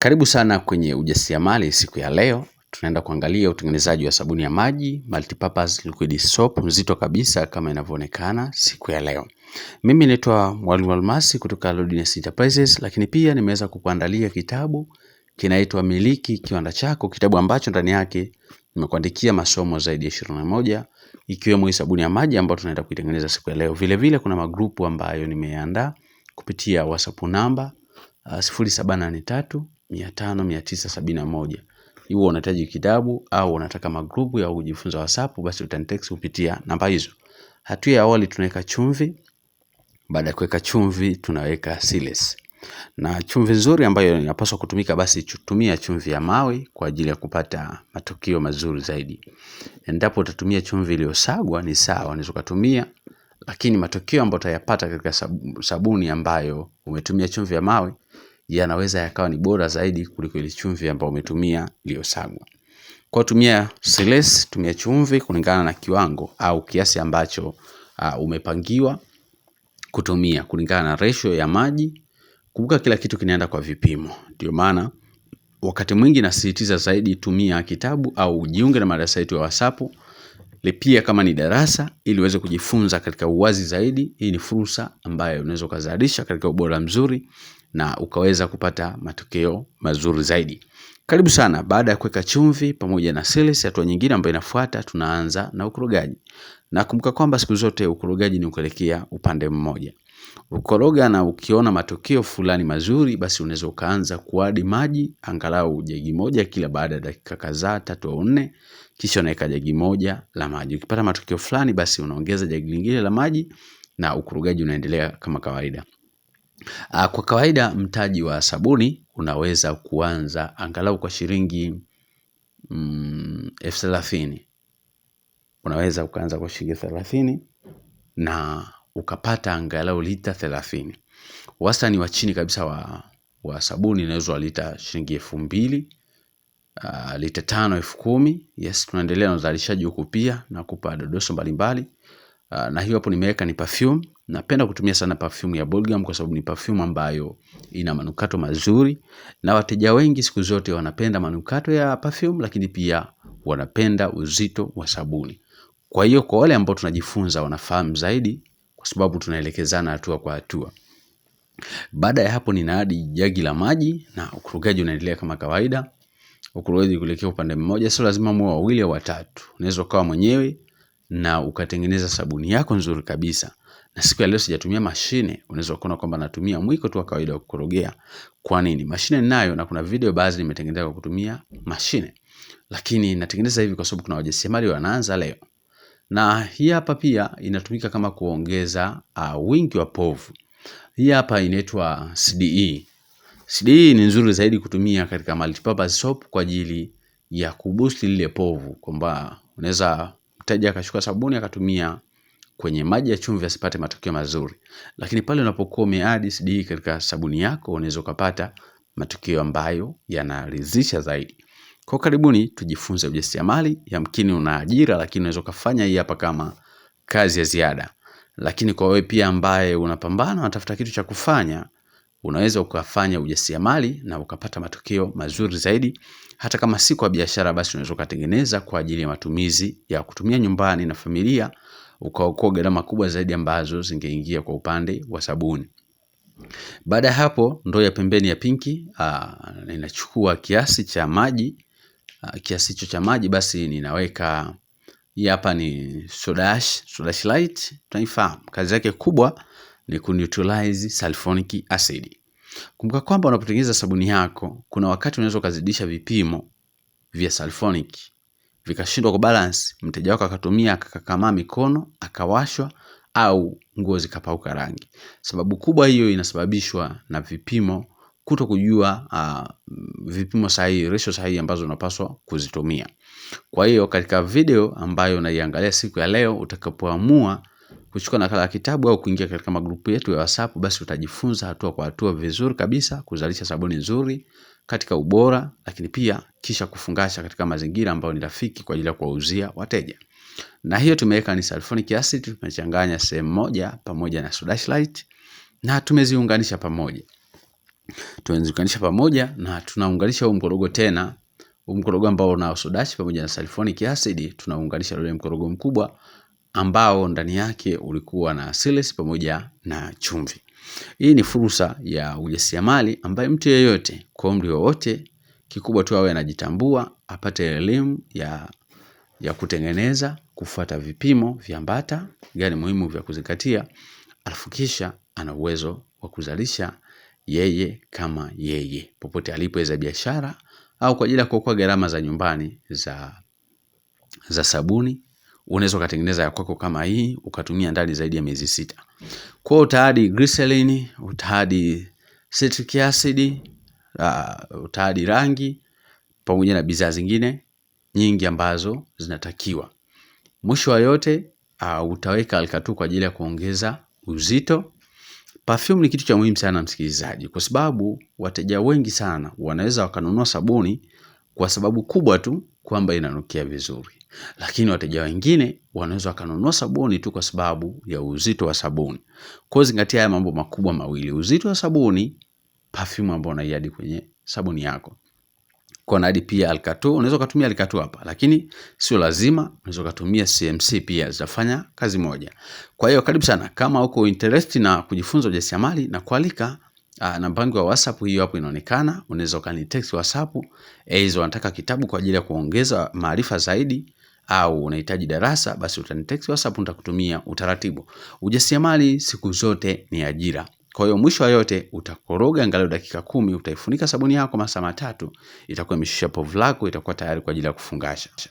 Karibu sana kwenye ujasiriamali siku ya leo. Tunaenda kuangalia utengenezaji wa sabuni ya maji, multipurpose liquid soap, nzito kabisa kama inavyoonekana siku ya leo. Mimi naitwa Mwalimu Almasi kutoka Lodness Enterprises, lakini pia nimeweza kukuandalia kitabu kinaitwa Miliki Kiwanda Chako, kitabu ambacho ndani yake nimekuandikia masomo zaidi ya ishirini na moja ikiwemo hii sabuni ya maji ambayo tunaenda kuitengeneza siku ya leo. Vilevile vile kuna magrupu ambayo nimeandaa kupitia WhatsApp namba ah, sifuri saba nane tatu mia tano mia tisa sabini na moja iwe unahitaji kitabu au unataka magrupu ya kujifunza whatsapp basi utanitext kupitia namba hizo hatua ya awali tunaweka chumvi baada ya kuweka chumvi tunaweka siles na chumvi nzuri ambayo inapaswa kutumika basi tumia chumvi ya mawe kwa ajili ya kupata matokeo mazuri zaidi endapo utatumia chumvi iliyosagwa ni sawa unaweza kutumia, lakini matokeo ambayo utayapata katika sabuni ambayo umetumia chumvi ya mawe yanaweza yakawa ni bora zaidi kuliko ile chumvi ambayo umetumia iliyosagwa. Kwa tumia silesi, tumia chumvi kulingana na kiwango au kiasi ambacho uh, umepangiwa kutumia kulingana na ratio ya maji. Kumbuka kila kitu kinaenda kwa vipimo. Ndio maana wakati mwingi nasisitiza zaidi tumia kitabu au ujiunge na madarasa yetu ya WhatsApp Lipia kama ni darasa ili uweze kujifunza katika uwazi zaidi. Hii ni fursa ambayo unaweza ukazalisha katika ubora mzuri na ukaweza kupata matokeo mazuri zaidi. Karibu sana. Baada ya kuweka chumvi pamoja na sales hatua nyingine ambayo inafuata tunaanza na na Nakumbuka kwamba siku zote ukurugaji ni kuelekea upande mmoja ukoroga na ukiona matokeo fulani mazuri, basi unaweza ukaanza kuadi maji angalau jagi moja kila baada ya dakika kadhaa tatu au nne, kisha unaweka jagi moja la maji. Ukipata matokeo fulani, basi unaongeza jagi lingine la maji na ukorogaji unaendelea kama kawaida. Ah, kwa kawaida mtaji wa sabuni unaweza kuanza angalau kwa shilingi mm, elfu thelathini unaweza ukaanza kwa shilingi thelathini na ukapata angalau lita thelathini. Wastani wa chini kabisa wa, wa sabuni inauzwa lita shilingi elfu mbili uh, lita tano elfu kumi. Yes, tunaendelea na uzalishaji huku pia na kupa dodoso mbalimbali uh, na hiyo hapo nimeweka ni perfume. Napenda kutumia sana perfume ya Bulgam kwa sababu ni perfume ambayo ina manukato mazuri na wateja wengi siku zote wanapenda manukato ya perfume, lakini pia wanapenda uzito wa sabuni. Kwa hiyo kwa wale ambao tunajifunza wanafahamu zaidi kwa sababu tunaelekezana hatua kwa hatua. Baada ya hapo ninaadi jagi la maji na ukurugaji unaendelea kama kawaida. Ukurugaji kuelekea upande mmoja, sio lazima muwe wawili au watatu. Unaweza ukawa mwenyewe na ukatengeneza sabuni yako nzuri kabisa. Na siku ya leo sijatumia mashine, unaweza kuona kwamba natumia mwiko tu wa kawaida wa kukorogea. Kwa nini? Mashine ninayo na kuna video baadhi nimetengeneza kwa kutumia mashine. Lakini natengeneza hivi kwa sababu kuna wajasiriamali wanaanza leo. Na hii hapa pia inatumika kama kuongeza uh, wingi wa povu. Hii hapa inaitwa CDE. CDE ni nzuri zaidi kutumia katika multipurpose soap kwa ajili ya kuboost lile povu, kwamba unaweza mteja akashuka sabuni akatumia kwenye maji ya chumvi asipate matokeo mazuri, lakini pale unapokuwa umeadi CDE katika sabuni yako unaweza ukapata matukio ambayo yanaridhisha zaidi. Kwa karibuni tujifunze ujasiriamali, yamkini una ajira lakini unaweza ukafanya hii hapa kama kazi ya ziada. Lakini kwa wewe pia ambaye unapambana unatafuta kitu cha kufanya, unaweza ukafanya ujasiriamali na ukapata matokeo mazuri zaidi. Hata kama si kwa biashara basi unaweza ukatengeneza kwa ajili ya matumizi ya kutumia nyumbani na familia, ukaokoa gharama kubwa zaidi ambazo zingeingia kwa upande wa sabuni. Baada ya hapo ndoo ya pembeni ya pinki, ah, ninachukua kiasi cha maji Ah, kiasi hicho cha maji, basi ninaweka hii hapa ni soda ash, soda ash light, tunaifahamu kazi yake kubwa ni kuneutralize sulfonic acid. Kumbuka kwamba unapotengeneza sabuni yako, kuna wakati unaweza ukazidisha vipimo vya sulfonic vikashindwa kubalance, mteja wako akatumia akakakamaa mikono akawashwa, au nguo zikapauka rangi. Sababu kubwa hiyo inasababishwa na vipimo kuto kujua uh, ah, vipimo sahihi, ratio sahihi ambazo unapaswa kuzitumia. Kwa hiyo katika video ambayo unaiangalia siku ya leo, utakapoamua kuchukua nakala ya kitabu au kuingia katika magrupu yetu ya WhatsApp, basi utajifunza hatua kwa hatua vizuri kabisa kuzalisha sabuni nzuri katika ubora, lakini pia kisha kufungasha katika mazingira ambayo ni rafiki kwa ajili ya kuwauzia wateja. Na hiyo tumeweka ni sulfonic acid tumechanganya sehemu moja pamoja na soda light na tumeziunganisha pamoja tunazikanisha pamoja na tunaunganisha huu mkorogo tena, huu mkorogo ambao una sodashi pamoja na sulfonic acid, tunaunganisha ule mkorogo mkubwa ambao ndani yake ulikuwa na silesi pamoja na chumvi. Hii ni fursa ya ujasiriamali ambaye mtu yeyote kwa umri wowote, kikubwa tu awe anajitambua, apate elimu ya, ya kutengeneza, kufuata vipimo, mbata gani muhimu vya kuzingatia, alafu kisha ana uwezo wa kuzalisha yeye kama yeye popote alipo za biashara au kwa ajili ya kuokoa gharama za nyumbani za, za sabuni unaweza ukatengeneza ya kwako kama hii ukatumia ndani zaidi ya miezi sita kwa utaadi glycerin, utaadi citric acid uh, ah, utaadi rangi pamoja na bidhaa zingine nyingi ambazo zinatakiwa mwisho wa yote uh, utaweka alkatu kwa ajili ya kuongeza uzito Perfume ni kitu cha muhimu sana msikilizaji kwa sababu wateja wengi sana wanaweza wakanunua sabuni kwa sababu kubwa tu kwamba inanukia vizuri. Lakini wateja wengine wanaweza wakanunua sabuni tu kwa sababu ya uzito wa sabuni. Kwa zingatia haya mambo makubwa mawili uzito wa sabuni, perfume ambayo unaiadi kwenye sabuni yako. Konadi pia alkato, unaweza kutumia alkato hapa, lakini sio lazima. Unaweza kutumia CMC pia, zitafanya kazi moja. Kwa hiyo karibu sana, kama uko interested na kujifunza ujasiriamali na kualika Uh, namba yangu ya WhatsApp hiyo hapo inaonekana, unaweza text WhatsApp aidha unataka kitabu kwa ajili ya kuongeza maarifa zaidi au unahitaji darasa, basi utanitext WhatsApp, nitakutumia utaratibu. Ujasiriamali siku zote ni ajira. Kwa hiyo mwisho wa yote utakoroga angalau dakika kumi, utaifunika sabuni yako masaa matatu, itakuwa imeshusha povu lako, itakuwa tayari kwa ajili ya kufungasha.